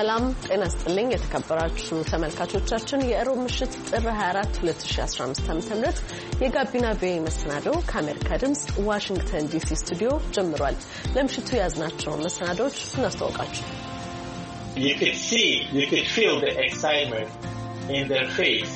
ሰላም ጤና ስጥልኝ። የተከበራችሁ ተመልካቾቻችን የእሮብ ምሽት ጥር 24 2015 ዓ.ም የጋቢና ቪ መሰናዶው ከአሜሪካ ድምፅ ዋሽንግተን ዲሲ ስቱዲዮ ጀምሯል። ለምሽቱ የያዝናቸውን መሰናዶዎች እናስተዋውቃችሁ። You could see, you could feel the excitement in their face.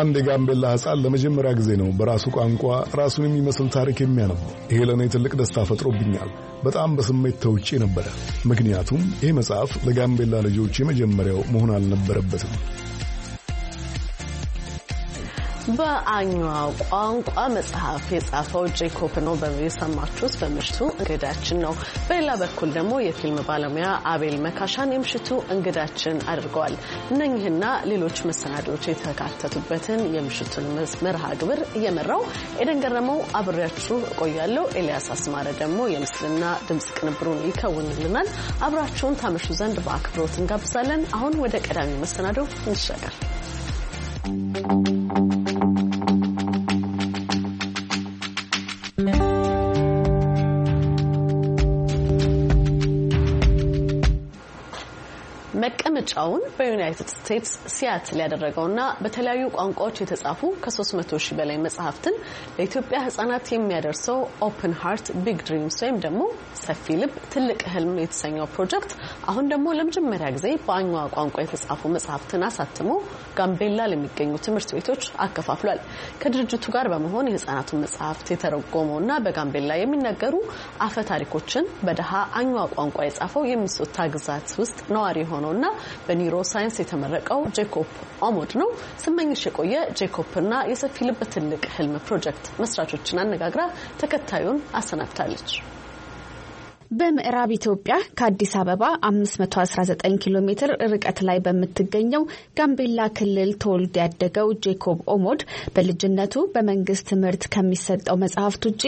አንድ የጋምቤላ ሕፃን ለመጀመሪያ ጊዜ ነው በራሱ ቋንቋ ራሱን የሚመስል ታሪክ የሚያነበው። ይሄ ለእኔ ትልቅ ደስታ ፈጥሮብኛል። በጣም በስሜት ተውጬ ነበረ፣ ምክንያቱም ይህ መጽሐፍ ለጋምቤላ ልጆች የመጀመሪያው መሆን አልነበረበትም። በአኙዋ ቋንቋ መጽሐፍ የጻፈው ጄኮብ ነው የሰማችሁት በምሽቱ እንግዳችን ነው። በሌላ በኩል ደግሞ የፊልም ባለሙያ አቤል መካሻን የምሽቱ እንግዳችን አድርገዋል። እነኚህና ሌሎች መሰናዶዎች የተካተቱበትን የምሽቱን መርሃ ግብር እየመራው ኤደን ገረመው አብሬያችሁ እቆያለሁ። ኤልያስ አስማረ ደግሞ የምስልና ድምፅ ቅንብሩን ይከውንልናል። አብራችሁን ታመሹ ዘንድ በአክብሮት እንጋብዛለን። አሁን ወደ ቀዳሚ መሰናዶ እንሻገር። うん。መቀመጫውን በዩናይትድ ስቴትስ ሲያትል ያደረገውና በተለያዩ ቋንቋዎች የተጻፉ ከ300 ሺህ በላይ መጽሐፍትን ለኢትዮጵያ ህጻናት የሚያደርሰው ኦፕን ሃርት ቢግ ድሪምስ ወይም ደግሞ ሰፊ ልብ ትልቅ ህልም የተሰኘው ፕሮጀክት አሁን ደግሞ ለመጀመሪያ ጊዜ በአኛዋ ቋንቋ የተጻፉ መጽሐፍትን አሳትሞ ጋምቤላ ለሚገኙ ትምህርት ቤቶች አከፋፍሏል። ከድርጅቱ ጋር በመሆን የህጻናቱን መጽሐፍት የተረጎመውና በጋምቤላ የሚነገሩ አፈ ታሪኮችን በደሃ አኛዋ ቋንቋ የጻፈው የሚሶታ ግዛት ውስጥ ነዋሪ የሆነውና በኒውሮ ሳይንስ የተመረቀው ጄኮብ አሞድ ነው። ስመኝሽ የቆየ ጄኮብና የሰፊ ልብ ትልቅ ህልም ፕሮጀክት መስራቾችን አነጋግራ ተከታዩን አሰናድታለች። በምዕራብ ኢትዮጵያ ከአዲስ አበባ 519 ኪሎ ሜትር ርቀት ላይ በምትገኘው ጋምቤላ ክልል ተወልዶ ያደገው ጄኮብ ኦሞድ በልጅነቱ በመንግስት ትምህርት ከሚሰጠው መጽሐፍት ውጪ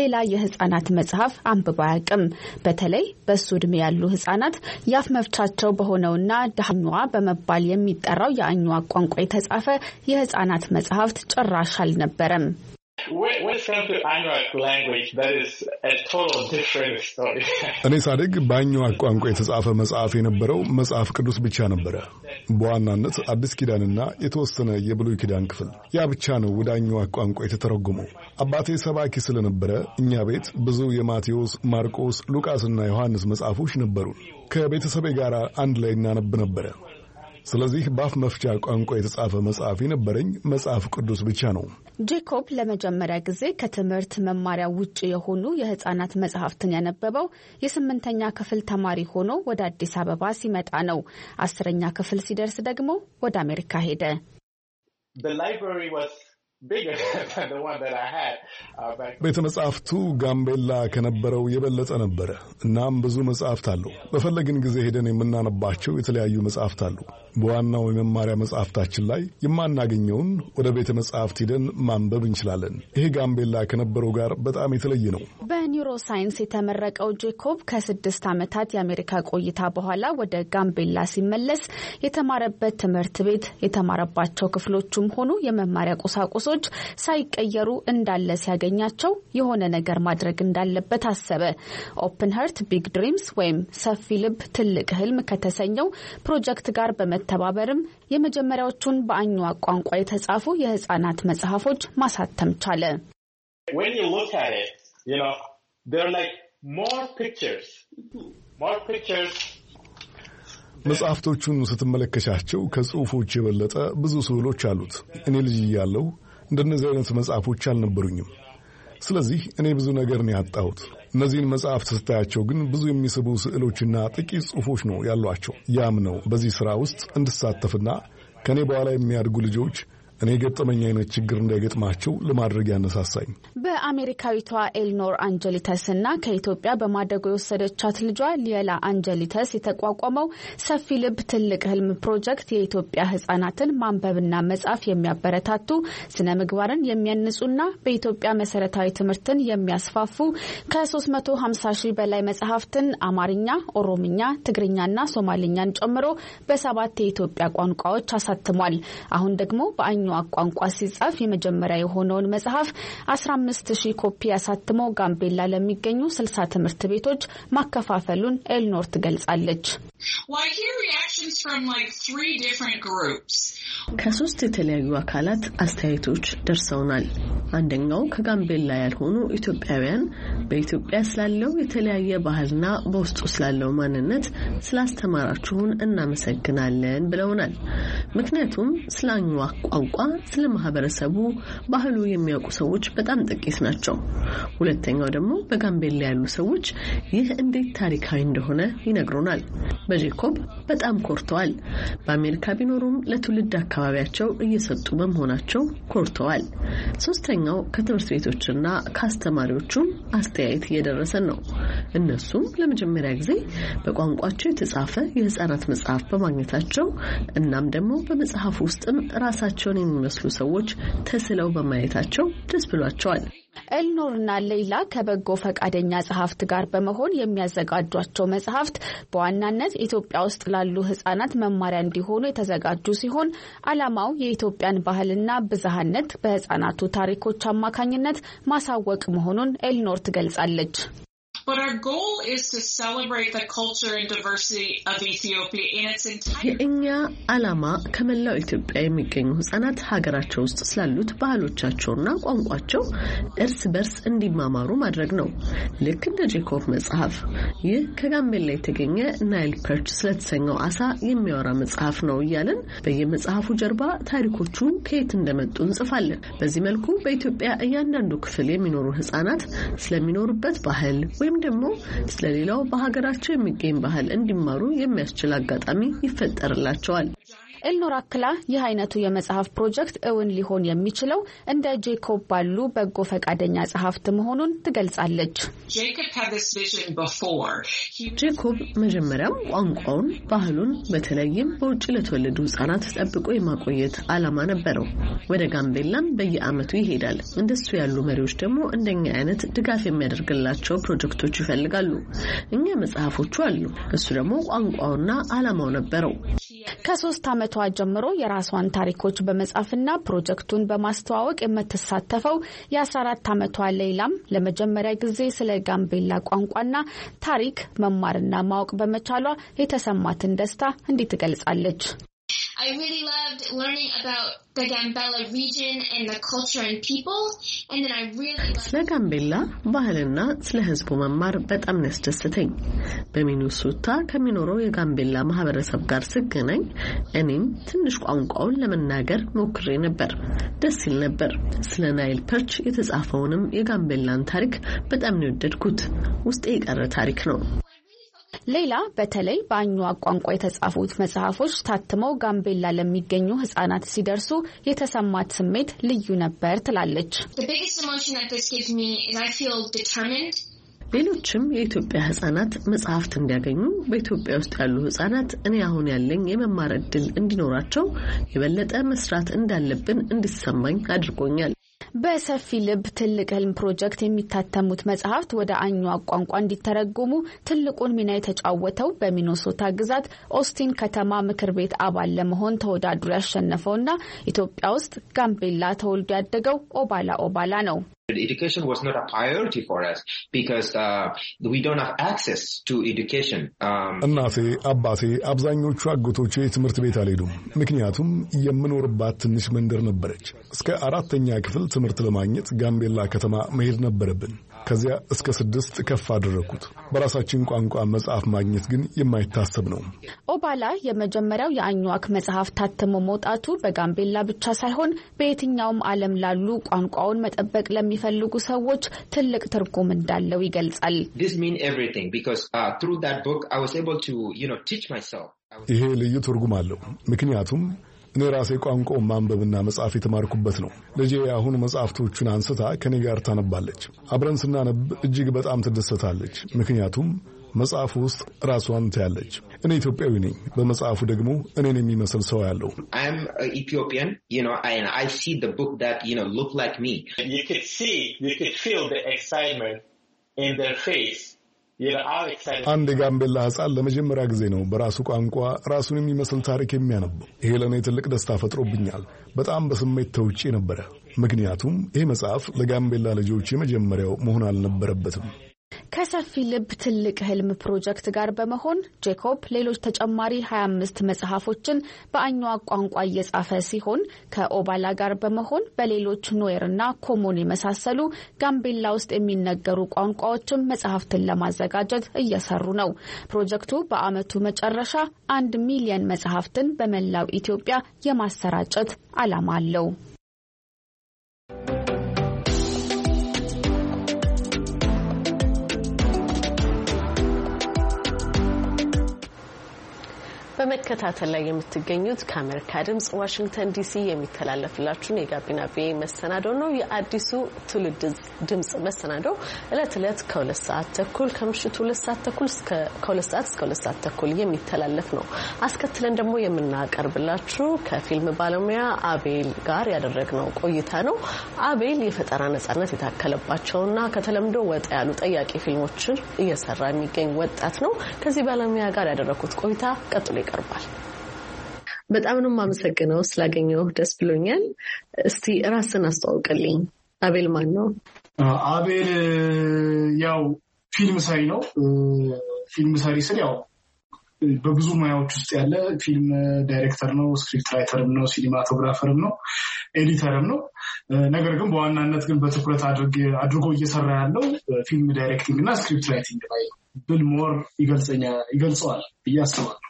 ሌላ የህጻናት መጽሐፍ አንብቦ አያውቅም። በተለይ በእሱ እድሜ ያሉ ህጻናት የአፍ መፍቻቸው በሆነውና ዳኛዋ በመባል የሚጠራው የአኛዋ ቋንቋ የተጻፈ የህጻናት መጽሐፍት ጭራሽ አልነበረም። እኔ ሳድግ በአኝዋክ ቋንቋ የተጻፈ መጽሐፍ የነበረው መጽሐፍ ቅዱስ ብቻ ነበረ። በዋናነት አዲስ ኪዳንና የተወሰነ የብሉይ ኪዳን ክፍል። ያ ብቻ ነው ወደ አኝዋክ ቋንቋ የተተረጎመው። አባቴ ሰባኪ ስለነበረ እኛ ቤት ብዙ የማቴዎስ፣ ማርቆስ፣ ሉቃስና ዮሐንስ መጽሐፎች ነበሩን። ከቤተሰቤ ጋር አንድ ላይ እናነብ ነበረ። ስለዚህ በአፍ መፍቻ ቋንቋ የተጻፈ መጽሐፍ የነበረኝ መጽሐፍ ቅዱስ ብቻ ነው። ጄኮብ ለመጀመሪያ ጊዜ ከትምህርት መማሪያ ውጭ የሆኑ የህጻናት መጽሐፍትን ያነበበው የስምንተኛ ክፍል ተማሪ ሆኖ ወደ አዲስ አበባ ሲመጣ ነው። አስረኛ ክፍል ሲደርስ ደግሞ ወደ አሜሪካ ሄደ። Uh, ቤተመጻሕፍቱ ጋምቤላ ከነበረው የበለጠ ነበረ። እናም ብዙ መጽሐፍት አለው። በፈለግን ጊዜ ሄደን የምናነባቸው የተለያዩ መጽሐፍት አሉ። በዋናው የመማሪያ መጽሐፍታችን ላይ የማናገኘውን ወደ ቤተ መጽሐፍት ሂደን ማንበብ እንችላለን። ይሄ ጋምቤላ ከነበረው ጋር በጣም የተለየ ነው። በኒውሮ ሳይንስ የተመረቀው ጄኮብ ከስድስት ዓመታት የአሜሪካ ቆይታ በኋላ ወደ ጋምቤላ ሲመለስ የተማረበት ትምህርት ቤት የተማረባቸው ክፍሎቹም ሆኑ የመማሪያ ቁሳቁሶች ሰዎች ሳይቀየሩ እንዳለ ሲያገኛቸው የሆነ ነገር ማድረግ እንዳለበት አሰበ። ኦፕን ሀርት ቢግ ድሪምስ ወይም ሰፊ ልብ ትልቅ ህልም ከተሰኘው ፕሮጀክት ጋር በመተባበርም የመጀመሪያዎቹን በአኝዋ ቋንቋ የተጻፉ የህጻናት መጽሐፎች ማሳተም ቻለ። መጽሐፍቶቹን ስትመለከቻቸው ከጽሑፎች የበለጠ ብዙ ስዕሎች አሉት። እኔ ልጅ እያለሁ እንደነዚህ አይነት መጽሐፎች አልነበሩኝም። ስለዚህ እኔ ብዙ ነገር ነው ያጣሁት። እነዚህን መጽሐፍት ስታያቸው ግን ብዙ የሚስቡ ስዕሎችና ጥቂት ጽሑፎች ነው ያሏቸው። ያም ነው በዚህ ሥራ ውስጥ እንድሳተፍና ከእኔ በኋላ የሚያድጉ ልጆች እኔ የገጠመኝ አይነት ችግር እንዳይገጥማቸው ለማድረግ ያነሳሳኝ በአሜሪካዊቷ ኤልኖር አንጀሊተስ እና ከኢትዮጵያ በማደጎ የወሰደቻት ልጇ ሊየላ አንጀሊተስ የተቋቋመው ሰፊ ልብ ትልቅ ህልም ፕሮጀክት የኢትዮጵያ ህጻናትን ማንበብና መጻፍ የሚያበረታቱ ስነ ምግባርን የሚያንጹና በኢትዮጵያ መሰረታዊ ትምህርትን የሚያስፋፉ ከ350 ሺህ በላይ መጽሐፍትን አማርኛ፣ ኦሮምኛ፣ ትግርኛና ሶማሊኛን ጨምሮ በሰባት የኢትዮጵያ ቋንቋዎች አሳትሟል። አሁን ደግሞ በአ በትግርኛ ቋንቋ ሲጻፍ የመጀመሪያ የሆነውን መጽሐፍ 15 ሺህ ኮፒ አሳትሞ ጋምቤላ ለሚገኙ 60 ትምህርት ቤቶች ማከፋፈሉን ኤልኖር ትገልጻለች። ከሶስት የተለያዩ አካላት አስተያየቶች ደርሰውናል። አንደኛው ከጋምቤላ ያልሆኑ ኢትዮጵያውያን በኢትዮጵያ ስላለው የተለያየ ባህልና በውስጡ ስላለው ማንነት ስላስተማራችሁን እናመሰግናለን ብለውናል። ምክንያቱም ስለ አኙዋ ቋንቋ፣ ስለ ማህበረሰቡ፣ ባህሉ የሚያውቁ ሰዎች በጣም ጥቂት ናቸው። ሁለተኛው ደግሞ በጋምቤላ ያሉ ሰዎች ይህ እንዴት ታሪካዊ እንደሆነ ይነግሩናል። በጄኮብ በጣም ኮርተዋል። በአሜሪካ ቢኖሩም ለትውልድ አካባቢያቸው እየሰጡ በመሆናቸው ኮርተዋል። ሶስተኛው ከትምህርት ቤቶችና ከአስተማሪዎቹም አስተያየት እየደረሰን ነው። እነሱም ለመጀመሪያ ጊዜ በቋንቋቸው የተጻፈ የህጻናት መጽሐፍ በማግኘታቸው እናም ደግሞ በመጽሐፍ ውስጥም ራሳቸውን የሚመስሉ ሰዎች ተስለው በማየታቸው ደስ ብሏቸዋል። ኤልኖርና ሌይላ ከበጎ ፈቃደኛ ጸሐፍት ጋር በመሆን የሚያዘጋጇቸው መጽሐፍት በዋናነት ኢትዮጵያ ውስጥ ላሉ ህጻናት መማሪያ እንዲሆኑ የተዘጋጁ ሲሆን ዓላማው የኢትዮጵያን ባህልና ብዝሃነት በህጻናቱ ታሪኮች አማካኝነት ማሳወቅ መሆኑን ኤልኖር ትገልጻለች። But our goal is to celebrate the culture and diversity of Ethiopia in its entirety. የእኛ ዓላማ ከመላው ኢትዮጵያ የሚገኙ ህጻናት ሀገራቸው ውስጥ ስላሉት ባህሎቻቸውና ቋንቋቸው እርስ በርስ እንዲማማሩ ማድረግ ነው። ልክ እንደ ጄኮብ መጽሐፍ። ይህ ከጋምቤላ የተገኘ ናይል ፐርች ስለተሰኘው አሳ የሚያወራ መጽሐፍ ነው እያለን በየመጽሐፉ ጀርባ ታሪኮቹ ከየት እንደመጡ እንጽፋለን። በዚህ መልኩ በኢትዮጵያ እያንዳንዱ ክፍል የሚኖሩ ህጻናት ስለሚኖሩበት ባህል ወይም ወይም ደግሞ ስለሌላው በሀገራቸው የሚገኝ ባህል እንዲማሩ የሚያስችል አጋጣሚ ይፈጠርላቸዋል። ኤልኖራ አክላ ይህ አይነቱ የመጽሐፍ ፕሮጀክት እውን ሊሆን የሚችለው እንደ ጄኮብ ባሉ በጎ ፈቃደኛ ጸሐፍት መሆኑን ትገልጻለች። ጄኮብ መጀመሪያም ቋንቋውን፣ ባህሉን በተለይም በውጭ ለተወለዱ ህጻናት ጠብቆ የማቆየት አላማ ነበረው። ወደ ጋምቤላም በየአመቱ ይሄዳል። እንደሱ ያሉ መሪዎች ደግሞ እንደኛ አይነት ድጋፍ የሚያደርግላቸው ፕሮጀክቶች ይፈልጋሉ። እኛ መጽሐፎቹ አሉ። እሱ ደግሞ ቋንቋውና አላማው ነበረው። ከሶስት ዓመቷ ጀምሮ የራሷን ታሪኮች በመጻፍና ፕሮጀክቱን በማስተዋወቅ የምትሳተፈው የ14 ዓመቷ ሌይላም ለመጀመሪያ ጊዜ ስለ ጋምቤላ ቋንቋና ታሪክ መማርና ማወቅ በመቻሏ የተሰማትን ደስታ እንዲህ ትገልጻለች። I really loved learning about the Gambella region and the culture and people. And then I really ስለ ጋምቤላ ባህልና ስለ ሕዝቡ መማር በጣም ያስደስተኝ። በሚኒሶታ ከሚኖረው የጋምቤላ ማህበረሰብ ጋር ስገናኝ እኔም ትንሽ ቋንቋውን ለመናገር ሞክሬ ነበር። ደስ ይል ነበር። ስለ ናይል ፐርች የተጻፈውንም የጋምቤላን ታሪክ በጣም ነው የወደድኩት። ውስጤ የቀረ ታሪክ ነው። ሌላ በተለይ በአኙዋ ቋንቋ የተጻፉት መጽሐፎች ታትመው ጋምቤላ ለሚገኙ ህጻናት ሲደርሱ የተሰማት ስሜት ልዩ ነበር ትላለች። ሌሎችም የኢትዮጵያ ህጻናት መጽሐፍት እንዲያገኙ በኢትዮጵያ ውስጥ ያሉ ህጻናት እኔ አሁን ያለኝ የመማር እድል እንዲኖራቸው የበለጠ መስራት እንዳለብን እንዲሰማኝ አድርጎኛል። በሰፊ ልብ ትልቅ ህልም ፕሮጀክት የሚታተሙት መጽሐፍት ወደ አኟዋክ ቋንቋ እንዲተረጎሙ ትልቁን ሚና የተጫወተው በሚኖሶታ ግዛት ኦስቲን ከተማ ምክር ቤት አባል ለመሆን ተወዳድሮ ያሸነፈውና ኢትዮጵያ ውስጥ ጋምቤላ ተወልዶ ያደገው ኦባላ ኦባላ ነው። Education was not a priority for us because uh, we don't have access to education. Um, እናቴ አባቴ፣ አብዛኞቹ አጎቶቼ ትምህርት ቤት አልሄዱም፣ ምክንያቱም የምኖርባት ትንሽ መንደር ነበረች። እስከ አራተኛ ክፍል ትምህርት ለማግኘት ጋምቤላ ከተማ መሄድ ነበረብን። ከዚያ እስከ ስድስት ከፍ አደረግኩት። በራሳችን ቋንቋ መጽሐፍ ማግኘት ግን የማይታሰብ ነው። ኦባላ የመጀመሪያው የአኟዋክ መጽሐፍ ታትሞ መውጣቱ በጋምቤላ ብቻ ሳይሆን በየትኛውም ዓለም ላሉ ቋንቋውን መጠበቅ ለሚፈልጉ ሰዎች ትልቅ ትርጉም እንዳለው ይገልጻል። uh, ይሄ ልዩ ትርጉም አለው። ምክንያቱም እኔ ራሴ ቋንቋው ማንበብና መጻፍ የተማርኩበት ነው። ልጄ አሁን መጽሐፍቶቹን አንስታ ከኔ ጋር ታነባለች። አብረን ስናነብ እጅግ በጣም ትደሰታለች። ምክንያቱም መጽሐፉ ውስጥ ራሷን ታያለች። እኔ ኢትዮጵያዊ ነኝ፣ በመጽሐፉ ደግሞ እኔን የሚመስል ሰው ያለው ኢትዮጵያን አንድ የጋምቤላ ህፃን ለመጀመሪያ ጊዜ ነው በራሱ ቋንቋ ራሱን የሚመስል ታሪክ የሚያነበው። ይሄ ለእኔ ትልቅ ደስታ ፈጥሮብኛል። በጣም በስሜት ተውጬ ነበረ፣ ምክንያቱም ይህ መጽሐፍ ለጋምቤላ ልጆች የመጀመሪያው መሆን አልነበረበትም። ከሰፊ ልብ ትልቅ ህልም ፕሮጀክት ጋር በመሆን ጄኮብ ሌሎች ተጨማሪ 25 መጽሐፎችን በአኛዋ ቋንቋ እየጻፈ ሲሆን ከኦባላ ጋር በመሆን በሌሎች እና ኮሞን የመሳሰሉ ጋምቤላ ውስጥ የሚነገሩ ቋንቋዎችን መጽሐፍትን ለማዘጋጀት እየሰሩ ነው። ፕሮጀክቱ በአመቱ መጨረሻ አንድ ሚሊየን መጽሐፍትን በመላው ኢትዮጵያ የማሰራጨት ዓላማ አለው። በመከታተል ላይ የምትገኙት ከአሜሪካ ድምጽ ዋሽንግተን ዲሲ የሚተላለፍላችሁን የጋቢና ቪ መሰናዶ ነው። የአዲሱ ትውልድ ድምጽ መሰናዶ እለት እለት ከሁለት ሰዓት ተኩል ከምሽቱ ሁለት ሰዓት ተኩል ከሁለት ሰዓት እስከ ሁለት ሰዓት ተኩል የሚተላለፍ ነው። አስከትለን ደግሞ የምናቀርብላችሁ ከፊልም ባለሙያ አቤል ጋር ያደረግነው ቆይታ ነው። አቤል የፈጠራ ነጻነት የታከለባቸውና ከተለምዶ ወጣ ያሉ ጠያቂ ፊልሞችን እየሰራ የሚገኝ ወጣት ነው። ከዚህ ባለሙያ ጋር ያደረግኩት ቆይታ ቀጥሎ ይቀ ያቀርባል። በጣም ነው የማመሰግነው ስላገኘው ደስ ብሎኛል። እስቲ ራስን አስተዋውቅልኝ። አቤል ማን ነው? አቤል ያው ፊልም ሰሪ ነው። ፊልም ሰሪ ስል ያው በብዙ ሙያዎች ውስጥ ያለ ፊልም ዳይሬክተር ነው፣ ስክሪፕት ራይተርም ነው፣ ሲኒማቶግራፈርም ነው፣ ኤዲተርም ነው። ነገር ግን በዋናነት ግን በትኩረት አድርጎ እየሰራ ያለው ፊልም ዳይሬክቲንግ እና ስክሪፕት ራይቲንግ ላይ ብል ሞር ይገልጸዋል ብዬ አስባለሁ።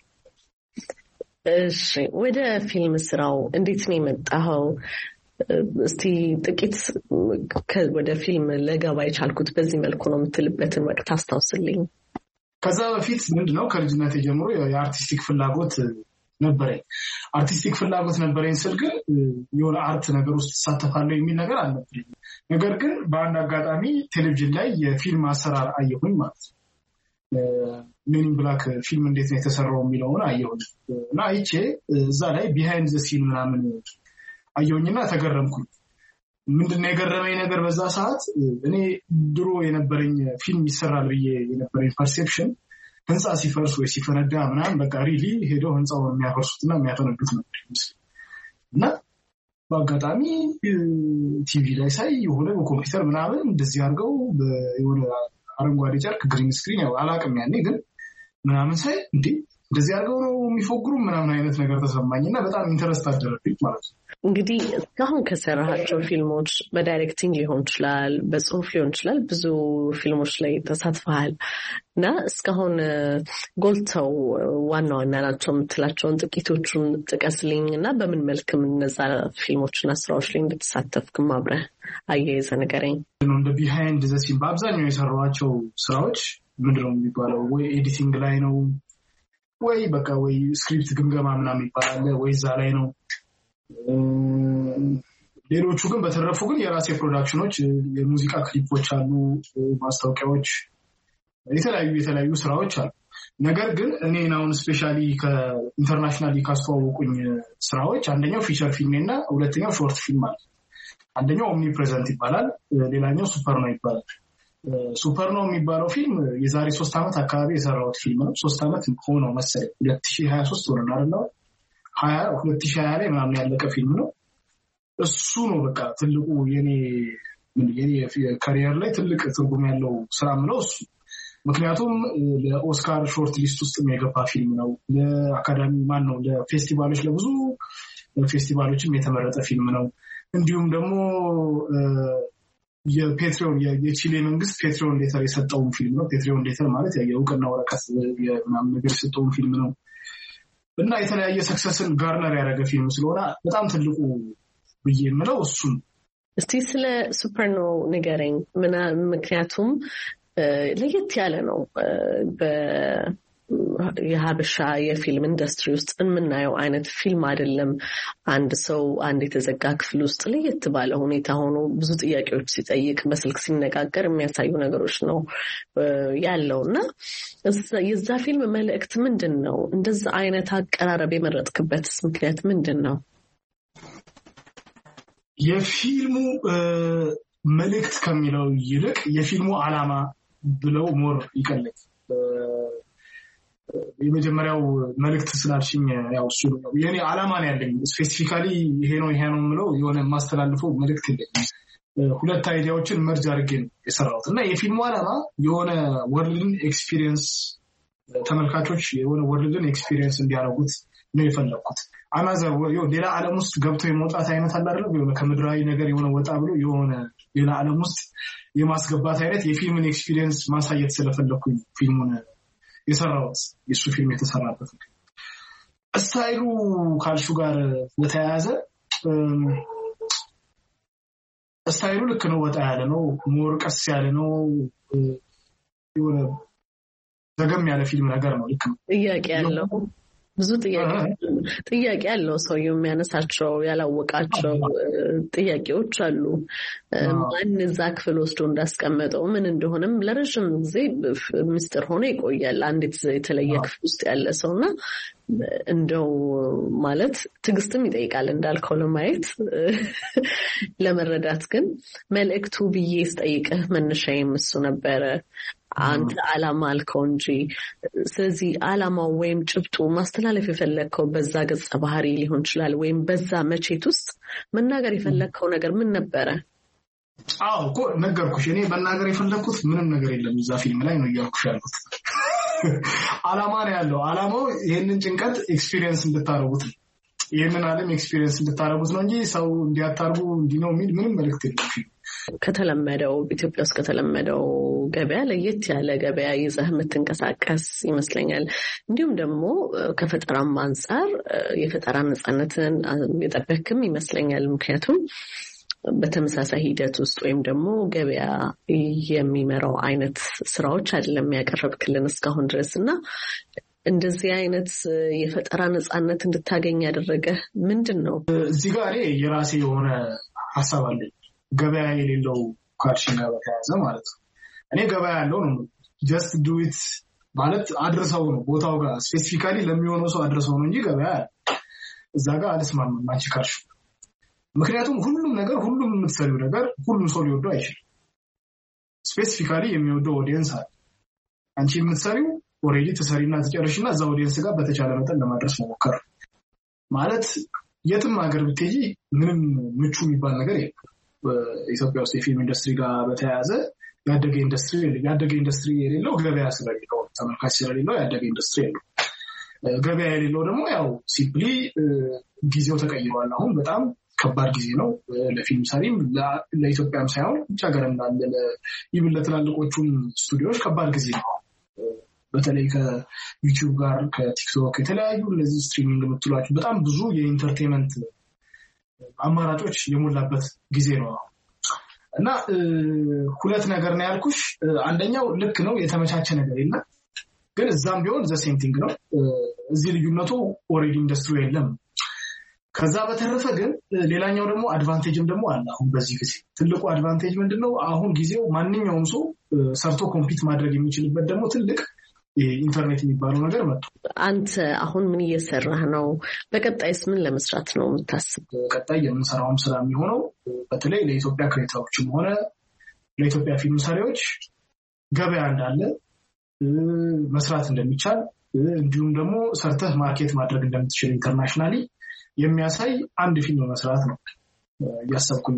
እሺ ወደ ፊልም ስራው እንዴት ነው የመጣኸው? እስቲ ጥቂት ወደ ፊልም ለገባ የቻልኩት በዚህ መልኩ ነው የምትልበትን ወቅት አስታውስልኝ። ከዛ በፊት ምንድነው ከልጅነት ጀምሮ የአርቲስቲክ ፍላጎት ነበረኝ። አርቲስቲክ ፍላጎት ነበረኝ ስል ግን የሆነ አርት ነገር ውስጥ ትሳተፋለሁ የሚል ነገር አልነበረኝም። ነገር ግን በአንድ አጋጣሚ ቴሌቪዥን ላይ የፊልም አሰራር አየሁኝ ማለት ነው። ሜኒን ብላክ ፊልም እንዴት ነው የተሰራው የሚለውን አየሁት እና አይቼ እዛ ላይ ቢሃይንድ ዘ ሲን ምናምን አየሁኝና ተገረምኩኝ። ምንድነው የገረመኝ ነገር በዛ ሰዓት እኔ ድሮ የነበረኝ ፊልም ይሰራል ብዬ የነበረኝ ፐርሴፕሽን ህንፃ ሲፈርስ ወይ ሲፈነዳ ምናምን በቃ ሪሊ ሄደው ህንፃውን የሚያፈርሱትና የሚያፈነዱት ነበር እና በአጋጣሚ ቲቪ ላይ ሳይ የሆነ በኮምፒውተር ምናምን እንደዚህ አድርገው የሆነ አረንጓዴ ጨርቅ ግሪን ስክሪን ያው አላቅም ያኔ ግን ምናምን ሳይ እንዲህ እንደዚህ አድርገው ነው የሚፎግሩ ምናምን አይነት ነገር ተሰማኝ እና በጣም ኢንተረስት አደረብኝ ማለት ነው። እንግዲህ እስካሁን ከሰራሃቸው ፊልሞች በዳይሬክቲንግ ሊሆን ይችላል፣ በጽሁፍ ሊሆን ይችላል፣ ብዙ ፊልሞች ላይ ተሳትፈሃል እና እስካሁን ጎልተው ዋና ዋና ናቸው የምትላቸውን ጥቂቶቹን ጥቀስልኝ እና በምን መልክም እነዛ ፊልሞችና ስራዎች ላይ እንደተሳተፍክም አብረህ አያይዘ ንገረኝ። እንደ ቢሃይንድ ዘ ሲን በአብዛኛው የሰሯቸው ስራዎች ምንድነው የሚባለው ወይ ኤዲቲንግ ላይ ነው ወይ በቃ ወይ ስክሪፕት ግምገማ ምናምን ይባላል ወይ እዛ ላይ ነው ሌሎቹ ግን በተረፉ ግን የራሴ ፕሮዳክሽኖች የሙዚቃ ክሊፖች አሉ፣ ማስታወቂያዎች፣ የተለያዩ የተለያዩ ስራዎች አሉ። ነገር ግን እኔን አሁን ስፔሻሊ ኢንተርናሽናል ካስተዋወቁኝ ስራዎች አንደኛው ፊቸር ፊልሜ እና ሁለተኛው ሾርት ፊልም አለ። አንደኛው ኦምኒ ፕሬዘንት ይባላል፣ ሌላኛው ሱፐር ነው ይባላል። ሱፐር ነው የሚባለው ፊልም የዛሬ ሶስት ዓመት አካባቢ የሰራሁት ፊልም ነው። ሶስት ዓመት ሆነው መሰለኝ ሁለት ሺህ ሀያ ሶስት ሆነን ሁለት ሺ ሀያ ላይ ምናምን ያለቀ ፊልም ነው። እሱ ነው በቃ ትልቁ የኔ ከሪየር ላይ ትልቅ ትርጉም ያለው ስራ ምለው እሱ ምክንያቱም ለኦስካር ሾርት ሊስት ውስጥ የገባ ፊልም ነው። ለአካዳሚ ማን ነው ለፌስቲቫሎች ለብዙ ፌስቲቫሎችም የተመረጠ ፊልም ነው። እንዲሁም ደግሞ የፔትሪዮን የቺሌ መንግስት ፔትሪዮን ሌተር የሰጠውን ፊልም ነው። ፔትሪዮን ሌተር ማለት የእውቅና ወረቀት ምናምን ነገር የሰጠውን ፊልም ነው። እና የተለያየ ሰክሰስን ጋርነር ያደረገ ፊልም ስለሆነ በጣም ትልቁ ብዬ የምለው እሱም። እስቲ ስለ ሱፐርኖ ንገረኝ። ምክንያቱም ለየት ያለ ነው። የሀበሻ የፊልም ኢንዱስትሪ ውስጥ የምናየው አይነት ፊልም አይደለም። አንድ ሰው አንድ የተዘጋ ክፍል ውስጥ ለየት ባለ ሁኔታ ሆኖ ብዙ ጥያቄዎች ሲጠይቅ፣ በስልክ ሲነጋገር የሚያሳዩ ነገሮች ነው ያለው እና የዛ ፊልም መልእክት ምንድን ነው? እንደዛ አይነት አቀራረብ የመረጥክበትስ ምክንያት ምንድን ነው? የፊልሙ መልእክት ከሚለው ይልቅ የፊልሙ ዓላማ ብለው ሞር ይቀለኝ የመጀመሪያው መልእክት ስላልሽኝ ያው እሱ የኔ አላማ ነው ያለኝ። ስፔሲፊካሊ ይሄ ነው ይሄ ነው የምለው የሆነ የማስተላልፈው መልእክት የለኝም። ሁለት አይዲያዎችን መርጅ አድርጌ ነው የሰራሁት እና የፊልሙ አላማ የሆነ ወርልድን ኤክስፒሪየንስ ተመልካቾች የሆነ ወርልድን ኤክስፒሪየንስ እንዲያደርጉት ነው የፈለግኩት። አናዘር ሌላ ዓለም ውስጥ ገብተው የመውጣት አይነት አለ የሆነ ከምድራዊ ነገር የሆነ ወጣ ብሎ የሆነ ሌላ ዓለም ውስጥ የማስገባት አይነት የፊልምን ኤክስፒሪየንስ ማሳየት ስለፈለግኩኝ ፊልሙን የሰራሁት የእሱ ፊልም የተሰራበት እስታይሉ ካልሹ ጋር በተያያዘ እስታይሉ ልክ ነው። ወጣ ያለ ነው። ሞር ቀስ ያለ ነው። የሆነ ዘገም ያለ ፊልም ነገር ነው። ልክ ነው። ጥያቄ ያለው ብዙ ጥያቄ ጥያቄ ያለው ሰው የሚያነሳቸው ያላወቃቸው ጥያቄዎች አሉ። ማን እዛ ክፍል ወስዶ እንዳስቀመጠው ምን እንደሆነም ለረዥም ጊዜ ምስጢር ሆኖ ይቆያል። አንዲት የተለየ ክፍል ውስጥ ያለ ሰው እና እንደው ማለት ትዕግስትም ይጠይቃል እንዳልከው ለማየት ለመረዳት። ግን መልእክቱ ብዬ ስጠይቅህ መነሻዬም እሱ ነበረ። አንተ አላማ አልከው እንጂ። ስለዚህ አላማው ወይም ጭብጡ ማስተላለፍ የፈለግከው በዛ ገጸ ባህሪ ሊሆን ይችላል፣ ወይም በዛ መቼት ውስጥ መናገር የፈለግከው ነገር ምን ነበረ? አዎ እኮ ነገርኩሽ። እኔ መናገር የፈለግኩት ምንም ነገር የለም እዛ ፊልም ላይ ነው እያልኩሽ ያሉት አላማ ነው ያለው። አላማው ይህንን ጭንቀት ኤክስፒሪየንስ እንድታረጉት ይህንን አለም ኤክስፒሪየንስ እንድታረጉት ነው እንጂ ሰው እንዲያታርጉ እንዲህ ነው የሚል ምንም መልክት የለም ፊልም ከተለመደው ኢትዮጵያ ውስጥ ከተለመደው ገበያ ለየት ያለ ገበያ ይዘህ የምትንቀሳቀስ ይመስለኛል። እንዲሁም ደግሞ ከፈጠራም አንጻር የፈጠራ ነፃነትን የጠበክም ይመስለኛል። ምክንያቱም በተመሳሳይ ሂደት ውስጥ ወይም ደግሞ ገበያ የሚመራው አይነት ስራዎች አይደለም ያቀረብክልን እስካሁን ድረስ እና እንደዚህ አይነት የፈጠራ ነፃነት እንድታገኝ ያደረገ ምንድን ነው? እዚህ ጋር የራሴ የሆነ ሀሳብ አለኝ። ገበያ የሌለው ካልሽን ጋር በተያያዘ ማለት ነው። እኔ ገበያ ያለው ነው ጀስት ዱዊት ማለት አድርሰው ነው ቦታው ጋር ስፔሲፊካሊ ለሚሆነው ሰው አድርሰው ነው እንጂ ገበያ እዛ ጋር አልስማምም አንቺ ካልሽ። ምክንያቱም ሁሉም ነገር ሁሉም የምትሰሪው ነገር ሁሉም ሰው ሊወደው አይችልም። ስፔሲፊካሊ የሚወደው ኦዲየንስ አለ። አንቺ የምትሰሪው ኦልሬዲ ትሰሪና ትጨርሽና እዛ ኦዲየንስ ጋር በተቻለ መጠን ለማድረስ መሞከር ማለት የትም ሀገር ብትሄጂ ምንም ምቹ የሚባል ነገር የለም። ኢትዮጵያ ውስጥ የፊልም ኢንዱስትሪ ጋር በተያያዘ ያደገ ኢንዱስትሪ ያደገ ኢንዱስትሪ የሌለው ገበያ ስለሌለው ተመልካች ስለሌለው ያደገ ኢንዱስትሪ የለው። ገበያ የሌለው ደግሞ ያው ሲምፕሊ ጊዜው ተቀይሯል። አሁን በጣም ከባድ ጊዜ ነው ለፊልም ሰሪም ለኢትዮጵያም ሳይሆን ብቻ ሀገር እንዳለ ይብን ለትላልቆቹም ስቱዲዮዎች ከባድ ጊዜ ነው። በተለይ ከዩቲዩብ ጋር ከቲክቶክ የተለያዩ እነዚህ ስትሪሚንግ የምትሏቸው በጣም ብዙ የኢንተርቴንመንት አማራጮች የሞላበት ጊዜ ነው አሁን እና ሁለት ነገር ነው ያልኩሽ። አንደኛው ልክ ነው፣ የተመቻቸ ነገር የለም። ግን እዛም ቢሆን ዘሴንቲንግ ነው። እዚህ ልዩነቱ ኦልሬዲ ኢንዱስትሪ የለም። ከዛ በተረፈ ግን ሌላኛው ደግሞ አድቫንቴጅም ደግሞ አለ። አሁን በዚህ ጊዜ ትልቁ አድቫንቴጅ ምንድን ነው? አሁን ጊዜው ማንኛውም ሰው ሰርቶ ኮምፒት ማድረግ የሚችልበት ደግሞ ትልቅ ኢንተርኔት የሚባለው ነገር መጡ። አንተ አሁን ምን እየሰራህ ነው? በቀጣይስ ምን ለመስራት ነው የምታስብ በቀጣይ የምንሰራውም ስራ የሚሆነው በተለይ ለኢትዮጵያ ክሬታዎችም ሆነ ለኢትዮጵያ ፊልም ሰሪዎች ገበያ እንዳለ መስራት እንደሚቻል እንዲሁም ደግሞ ሰርተህ ማርኬት ማድረግ እንደምትችል ኢንተርናሽናሊ የሚያሳይ አንድ ፊልም መስራት ነው። እያሰብኩኝ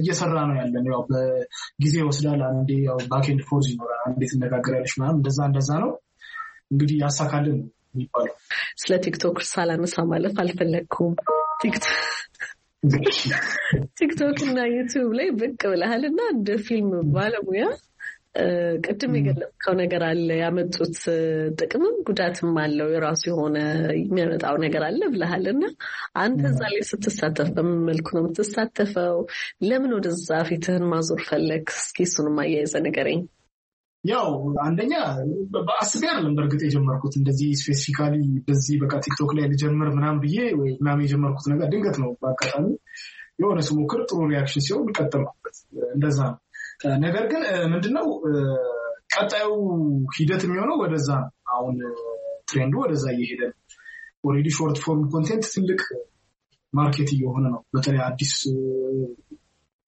እየሰራ ነው ያለን። ያው በጊዜ ይወስዳል። አንዴ ያው ባኬንድ ፎርዝ ይኖራል። አንዴ ትነጋገራለች ምናምን እንደዛ እንደዛ ነው እንግዲህ ያሳካልን የሚባለው። ስለ ቲክቶክ ሳላነሳ ማለፍ አልፈለግኩም። ቲክቶክ እና ዩቲዩብ ላይ ብቅ ብለሃል እና እንደ ፊልም ባለሙያ ቅድም የገለጽከው ነገር አለ። ያመጡት ጥቅምም ጉዳትም አለው። የራሱ የሆነ የሚያመጣው ነገር አለ ብለሃል እና አንተ እዛ ላይ ስትሳተፍ በምን መልኩ ነው የምትሳተፈው? ለምን ወደዛ ፊትህን ማዞር ፈለግ? እስኪ እሱንም አያይዘ ንገረኝ። ያው አንደኛ በአስቤ አይደለም በእርግጥ የጀመርኩት እንደዚህ ስፔሲፊካሊ በዚህ በቃ ቲክቶክ ላይ ልጀምር ምናም ብዬ ወይ ምናም የጀመርኩት ነገር ድንገት ነው። በአጋጣሚ የሆነ ስሞክር ጥሩ ሪያክሽን ሲሆን ቀጥል እንደዛ ነው። ነገር ግን ምንድነው ቀጣዩ ሂደት የሚሆነው ወደዛ ነው። አሁን ትሬንዱ ወደዛ እየሄደ ነው። ኦልሬዲ ሾርት ፎርም ኮንቴንት ትልቅ ማርኬት እየሆነ ነው። በተለይ አዲስ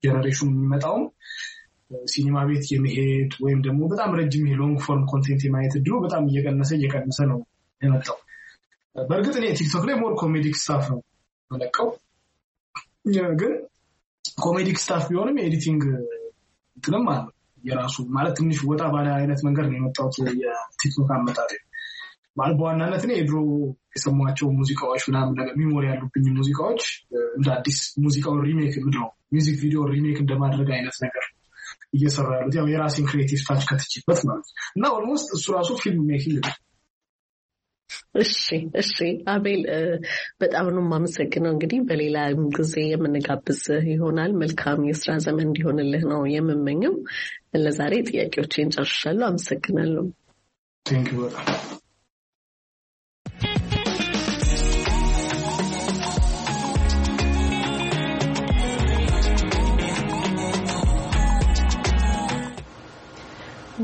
ጀነሬሽኑ የሚመጣውም ሲኒማ ቤት የመሄድ ወይም ደግሞ በጣም ረጅም የሎንግ ፎርም ኮንቴንት የማየት እድሉ በጣም እየቀነሰ እየቀነሰ ነው የመጣው። በእርግጥ እኔ ቲክቶክ ላይ ሞር ኮሜዲክ ስታፍ ነው መለቀው፣ ግን ኮሜዲክ ስታፍ ቢሆንም የኤዲቲንግ እንትንም አለ የራሱ ማለት ትንሽ ወጣ ባለ አይነት መንገድ ነው የመጣሁት። የቲክቶክ አመጣጤ ማለት በዋናነት እኔ የድሮ የሰማቸው ሙዚቃዎች ምናምን ሚሞሪ ያሉብኝ ሙዚቃዎች እንደ አዲስ ሙዚቃውን ሪሜክ ምድነው ሚዚክ ቪዲዮ ሪሜክ እንደማድረግ አይነት ነገር እየሰራ ያሉት ያው የራሴን ክሬቲቭ ታች ከትችበት ማለት እና ኦልሞስት እሱ ራሱ ፊልም ሜኪንግ ነው እሺ እሺ አቤል በጣም ነው የማመሰግነው። እንግዲህ በሌላ ጊዜ የምንጋብዝ ይሆናል። መልካም የስራ ዘመን እንዲሆንልህ ነው የምመኘው። ለዛሬ ጥያቄዎችን ጨርሻለሁ። አመሰግናለሁ።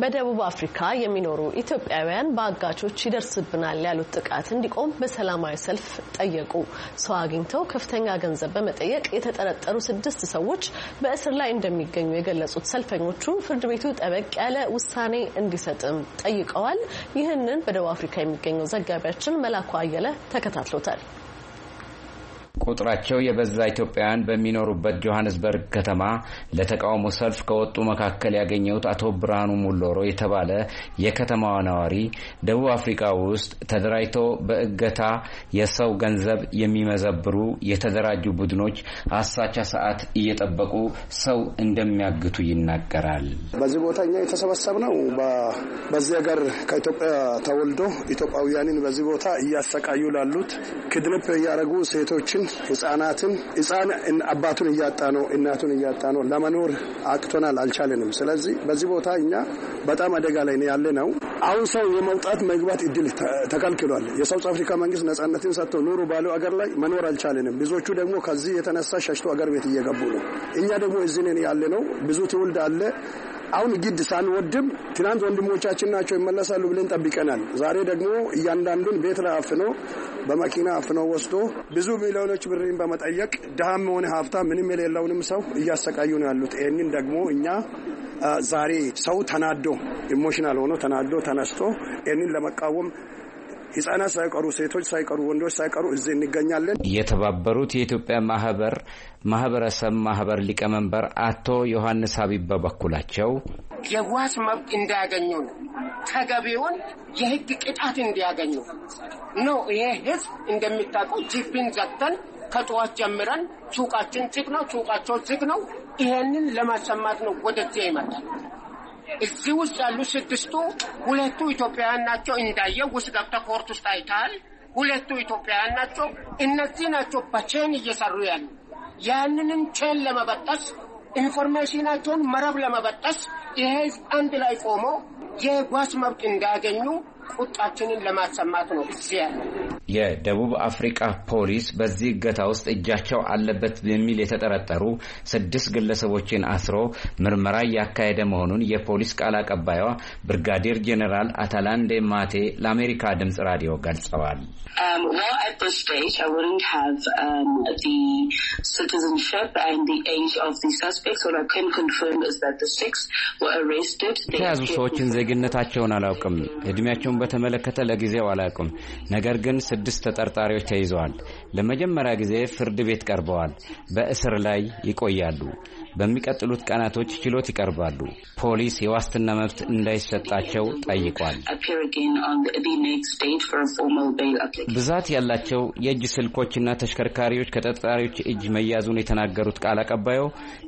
በደቡብ አፍሪካ የሚኖሩ ኢትዮጵያውያን በአጋቾች ይደርስብናል ያሉት ጥቃት እንዲቆም በሰላማዊ ሰልፍ ጠየቁ። ሰው አግኝተው ከፍተኛ ገንዘብ በመጠየቅ የተጠረጠሩ ስድስት ሰዎች በእስር ላይ እንደሚገኙ የገለጹት ሰልፈኞቹ ፍርድ ቤቱ ጠበቅ ያለ ውሳኔ እንዲሰጥም ጠይቀዋል። ይህንን በደቡብ አፍሪካ የሚገኘው ዘጋቢያችን መላኩ አየለ ተከታትሎታል። ቁጥራቸው የበዛ ኢትዮጵያውያን በሚኖሩበት ጆሀንስበርግ ከተማ ለተቃውሞ ሰልፍ ከወጡ መካከል ያገኘሁት አቶ ብርሃኑ ሙሎሮ የተባለ የከተማዋ ነዋሪ ደቡብ አፍሪካ ውስጥ ተደራጅቶ በእገታ የሰው ገንዘብ የሚመዘብሩ የተደራጁ ቡድኖች አሳቻ ሰዓት እየጠበቁ ሰው እንደሚያግቱ ይናገራል። በዚህ ቦታ እኛ የተሰበሰብ ነው በዚህ ሀገር ከኢትዮጵያ ተወልዶ ኢትዮጵያውያንን በዚህ ቦታ እያሰቃዩ ላሉት ክድንፕ እያደረጉ ሴቶችን ህጻናትን ህጻን አባቱን እያጣ ነው፣ እናቱን እያጣ ነው። ለመኖር አቅቶናል፣ አልቻለንም። ስለዚህ በዚህ ቦታ እኛ በጣም አደጋ ላይ ያለ ነው። አሁን ሰው የመውጣት መግባት እድል ተከልክሏል። የሳውት አፍሪካ መንግስት ነጻነትን ሰጥቶ ኑሩ ባለው አገር ላይ መኖር አልቻለንም። ብዙዎቹ ደግሞ ከዚህ የተነሳ ሸሽቶ አገር ቤት እየገቡ ነው። እኛ ደግሞ እዚህ ያለ ነው። ብዙ ትውልድ አለ አሁን ግድ ሳንወድም ትናንት ወንድሞቻችን ናቸው ይመለሳሉ ብለን ጠብቀናል። ዛሬ ደግሞ እያንዳንዱን ቤት ላይ አፍኖ በመኪና አፍኖ ወስዶ ብዙ ሚሊዮኖች ብርን በመጠየቅ ድሃም ሆነ ሀብታ ምንም የሌለውንም ሰው እያሰቃዩ ነው ያሉት። ይህንን ደግሞ እኛ ዛሬ ሰው ተናዶ ኢሞሽናል ሆኖ ተናዶ ተነስቶ ይህንን ለመቃወም ህጻናት ሳይቀሩ ሴቶች ሳይቀሩ ወንዶች ሳይቀሩ እዚህ እንገኛለን። የተባበሩት የኢትዮጵያ ማህበር ማህበረሰብ ማህበር ሊቀመንበር አቶ ዮሐንስ ሀቢብ በበኩላቸው የዋስ መብት እንዳያገኙ ነው ተገቢውን የህግ ቅጣት እንዲያገኙ ነው። ይሄ ህዝብ እንደሚታውቀው ጅብን ዘግተን ከጠዋት ጀምረን ሱቃችን ዝግ ነው፣ ሱቃቸው ዝግ ነው። ይሄንን ለማሰማት ነው ወደዚያ ይመጣል። እዚህ ውስጥ ያሉ ስድስቱ ሁለቱ ኢትዮጵያውያን ናቸው። እንዳየው ውስጥ ገብተ ኮርት ውስጥ አይተሃል። ሁለቱ ኢትዮጵያውያን ናቸው። እነዚህ ናቸው በቼን እየሰሩ ያሉ። ያንንን ቼን ለመበጠስ ኢንፎርሜሽናቸውን መረብ ለመበጠስ ይሄ አንድ ላይ ቆሞ የጓስ መብት እንዳያገኙ ቁጣችንን ለማሰማት ነው እዚህ ያለ። የደቡብ አፍሪካ ፖሊስ በዚህ እገታ ውስጥ እጃቸው አለበት በሚል የተጠረጠሩ ስድስት ግለሰቦችን አስሮ ምርመራ እያካሄደ መሆኑን የፖሊስ ቃል አቀባይዋ ብርጋዴር ጄኔራል አታላንዴ ማቴ ለአሜሪካ ድምጽ ራዲዮ ገልጸዋል። የተያዙ um, um, ሰዎችን ዜግነታቸውን አላውቅም። እድሜያቸው መያዙን በተመለከተ ለጊዜው አላውቅም። ነገር ግን ስድስት ተጠርጣሪዎች ተይዘዋል። ለመጀመሪያ ጊዜ ፍርድ ቤት ቀርበዋል። በእስር ላይ ይቆያሉ። በሚቀጥሉት ቀናቶች ችሎት ይቀርባሉ። ፖሊስ የዋስትና መብት እንዳይሰጣቸው ጠይቋል። ብዛት ያላቸው የእጅ ስልኮችና ተሽከርካሪዎች ከጠርጣሪዎች እጅ መያዙን የተናገሩት ቃል አቀባዩ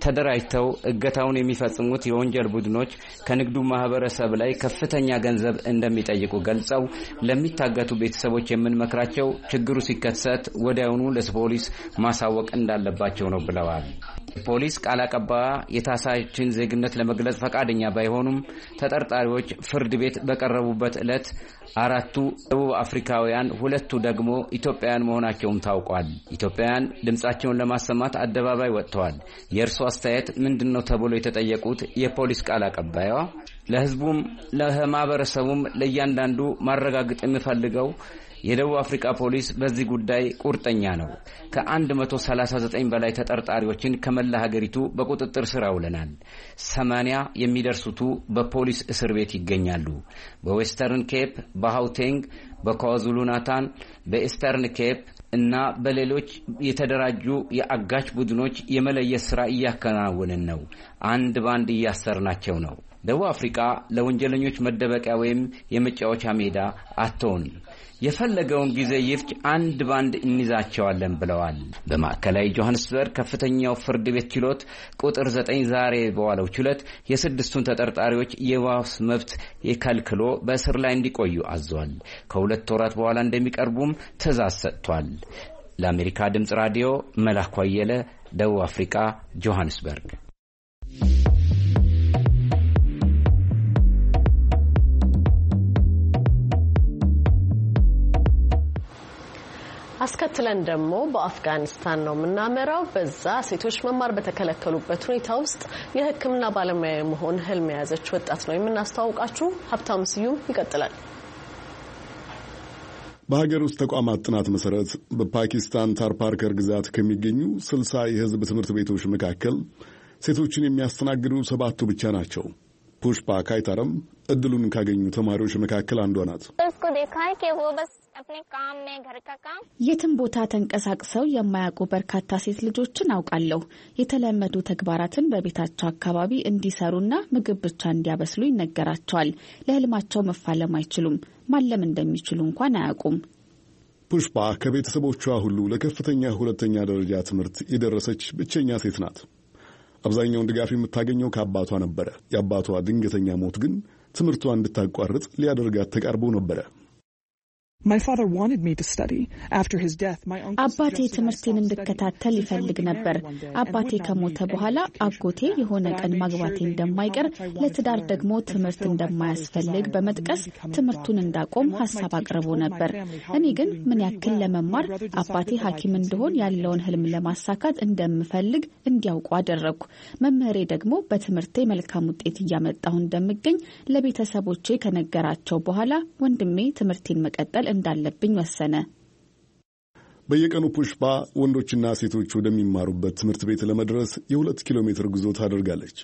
ተደራጅተው እገታውን የሚፈጽሙት የወንጀል ቡድኖች ከንግዱ ማህበረሰብ ላይ ከፍተኛ ገንዘብ እንደሚጠይቁ ገልጸው ለሚታገቱ ቤተሰቦች የምንመክራቸው ችግሩ ሲከሰት ወዲያውኑ ለፖሊስ ማሳወቅ እንዳለባቸው ነው ብለዋል። ፖሊስ ቃል አቀባ የታሳችን ዜግነት ለመግለጽ ፈቃደኛ ባይሆኑም ተጠርጣሪዎች ፍርድ ቤት በቀረቡበት ዕለት አራቱ ደቡብ አፍሪካውያን፣ ሁለቱ ደግሞ ኢትዮጵያውያን መሆናቸውም ታውቋል። ኢትዮጵያውያን ድምፃቸውን ለማሰማት አደባባይ ወጥተዋል። የእርሶ አስተያየት ምንድን ነው ተብሎ የተጠየቁት የፖሊስ ቃል አቀባይዋ ለህዝቡም፣ ለማህበረሰቡም ለእያንዳንዱ ማረጋገጥ የምፈልገው የደቡብ አፍሪካ ፖሊስ በዚህ ጉዳይ ቁርጠኛ ነው። ከ139 በላይ ተጠርጣሪዎችን ከመላ ሀገሪቱ በቁጥጥር ስር አውለናል። 80 የሚደርሱቱ በፖሊስ እስር ቤት ይገኛሉ። በዌስተርን ኬፕ፣ በሃውቴንግ፣ በኳዙሉ ናታን፣ በኢስተርን ኬፕ እና በሌሎች የተደራጁ የአጋች ቡድኖች የመለየት ስራ እያከናወንን ነው። አንድ ባንድ እያሰርናቸው ነው። ደቡብ አፍሪካ ለወንጀለኞች መደበቂያ ወይም የመጫወቻ ሜዳ አትሆንም። የፈለገውን ጊዜ ይፍጭ፣ አንድ ባንድ እንይዛቸዋለን ብለዋል። በማዕከላዊ ጆሐንስበርግ ከፍተኛው ፍርድ ቤት ችሎት ቁጥር ዘጠኝ ዛሬ በዋለው ችሎት የስድስቱን ተጠርጣሪዎች የዋስ መብት የከልክሎ በእስር ላይ እንዲቆዩ አዟል። ከሁለት ወራት በኋላ እንደሚቀርቡም ትእዛዝ ሰጥቷል። ለአሜሪካ ድምፅ ራዲዮ መላኩ አየለ፣ ደቡብ አፍሪካ ጆሐንስበርግ አስከትለን ደግሞ በአፍጋኒስታን ነው የምናመራው። በዛ ሴቶች መማር በተከለከሉበት ሁኔታ ውስጥ የሕክምና ባለሙያ መሆን ህልም የያዘች ወጣት ነው የምናስተዋውቃችሁ። ሀብታም ስዩም ይቀጥላል። በሀገር ውስጥ ተቋማት ጥናት መሰረት በፓኪስታን ታርፓርከር ግዛት ከሚገኙ ስልሳ የህዝብ ትምህርት ቤቶች መካከል ሴቶችን የሚያስተናግዱ ሰባቱ ብቻ ናቸው። ፑሽፓ ካይታረም እድሉን ካገኙ ተማሪዎች መካከል አንዷ ናት። अपने काम में घर का काम የትም ቦታ ተንቀሳቅሰው የማያውቁ በርካታ ሴት ልጆችን አውቃለሁ። የተለመዱ ተግባራትን በቤታቸው አካባቢ እንዲሰሩና ምግብ ብቻ እንዲያበስሉ ይነገራቸዋል። ለህልማቸው መፋለም አይችሉም። ማለም እንደሚችሉ እንኳን አያውቁም። ፑሽፓ ከቤተሰቦቿ ሁሉ ለከፍተኛ ሁለተኛ ደረጃ ትምህርት የደረሰች ብቸኛ ሴት ናት። አብዛኛውን ድጋፍ የምታገኘው ከአባቷ ነበረ። የአባቷ ድንገተኛ ሞት ግን ትምህርቷ እንድታቋርጥ ሊያደርጋት ተቃርቦ ነበረ። አባቴ ትምህርቴን እንድከታተል ይፈልግ ነበር። አባቴ ከሞተ በኋላ አጎቴ የሆነ ቀን ማግባቴ እንደማይቀር ለትዳር ደግሞ ትምህርት እንደማያስፈልግ በመጥቀስ ትምህርቱን እንዳቆም ሀሳብ አቅርቦ ነበር። እኔ ግን ምን ያክል ለመማር አባቴ ሐኪም እንደሆን ያለውን ህልም ለማሳካት እንደምፈልግ እንዲያውቁ አደረግኩ። መምህሬ ደግሞ በትምህርቴ መልካም ውጤት እያመጣሁ እንደምገኝ ለቤተሰቦቼ ከነገራቸው በኋላ ወንድሜ ትምህርቴን መቀጠል እንዳለብኝ ወሰነ። በየቀኑ ፑሽፓ ወንዶችና ሴቶች ወደሚማሩበት ትምህርት ቤት ለመድረስ የሁለት ኪሎ ሜትር ጉዞ ታደርጋለች።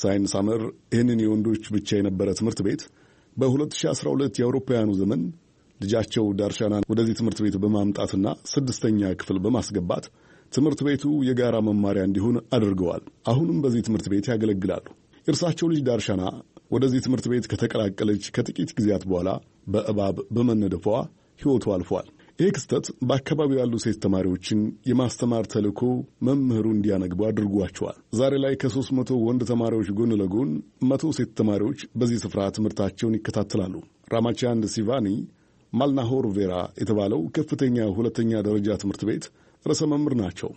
ሳይን ሳመር ይህንን የወንዶች ብቻ የነበረ ትምህርት ቤት በ2012 የአውሮፓውያኑ ዘመን ልጃቸው ዳርሻናን ወደዚህ ትምህርት ቤት በማምጣትና ስድስተኛ ክፍል በማስገባት ትምህርት ቤቱ የጋራ መማሪያ እንዲሆን አድርገዋል። አሁንም በዚህ ትምህርት ቤት ያገለግላሉ። የእርሳቸው ልጅ ዳርሻና ወደዚህ ትምህርት ቤት ከተቀላቀለች ከጥቂት ጊዜያት በኋላ በእባብ በመነደፏ ሕይወቱ አልፏል። ይህ ክስተት በአካባቢው ያሉ ሴት ተማሪዎችን የማስተማር ተልዕኮ መምህሩ እንዲያነግቡ አድርጓቸዋል። ዛሬ ላይ ከሦስት መቶ ወንድ ተማሪዎች ጎን ለጎን መቶ ሴት ተማሪዎች በዚህ ስፍራ ትምህርታቸውን ይከታተላሉ። ራማቻንድ ሲቫኒ ማልናሆር ቬራ የተባለው ከፍተኛ ሁለተኛ ደረጃ ትምህርት ቤት ርዕሰ መምህር ናቸው።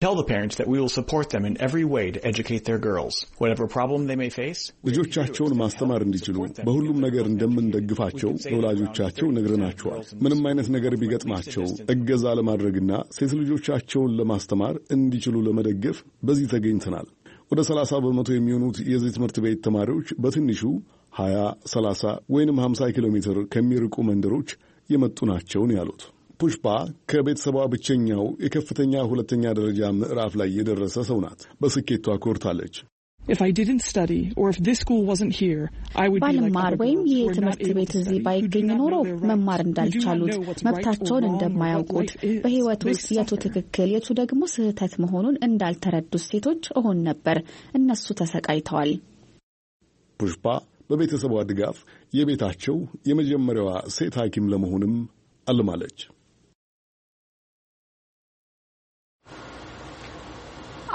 Tell the parents that we will support them in every way to educate their girls. Whatever problem they may face. ልጆቻቸውን ማስተማር እንዲችሉ በሁሉም ነገር እንደምንደግፋቸው ለወላጆቻቸው ነግረናቸዋል። ምንም አይነት ነገር ቢገጥማቸው እገዛ ለማድረግና ሴት ልጆቻቸውን ለማስተማር እንዲችሉ ለመደገፍ በዚህ ተገኝተናል። ወደ 30 በመቶ የሚሆኑት የዚህ ትምህርት ቤት ተማሪዎች በትንሹ 20፣ 30 ወይንም 50 ኪሎ ሜትር ከሚርቁ መንደሮች የመጡ ናቸውን ያሉት ፑሽፓ ከቤተሰቧ ብቸኛው የከፍተኛ ሁለተኛ ደረጃ ምዕራፍ ላይ የደረሰ ሰው ናት። በስኬቷ ኮርታለች። ባልማር ወይም ይህ ትምህርት ቤት እዚህ ባይገኝ ኖሮ መማር እንዳልቻሉት፣ መብታቸውን እንደማያውቁት፣ በሕይወት ውስጥ የቱ ትክክል የቱ ደግሞ ስህተት መሆኑን እንዳልተረዱት ሴቶች እሆን ነበር። እነሱ ተሰቃይተዋል። ፑሽፓ በቤተሰቧ ድጋፍ የቤታቸው የመጀመሪያዋ ሴት ሐኪም ለመሆንም አልማለች።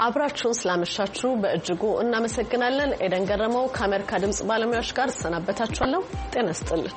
አብራችሁን ስላመሻችሁ በእጅጉ እናመሰግናለን። ኤደን ገረመው ከአሜሪካ ድምፅ ባለሙያዎች ጋር እሰናበታችኋለሁ። ጤና ስጥልን።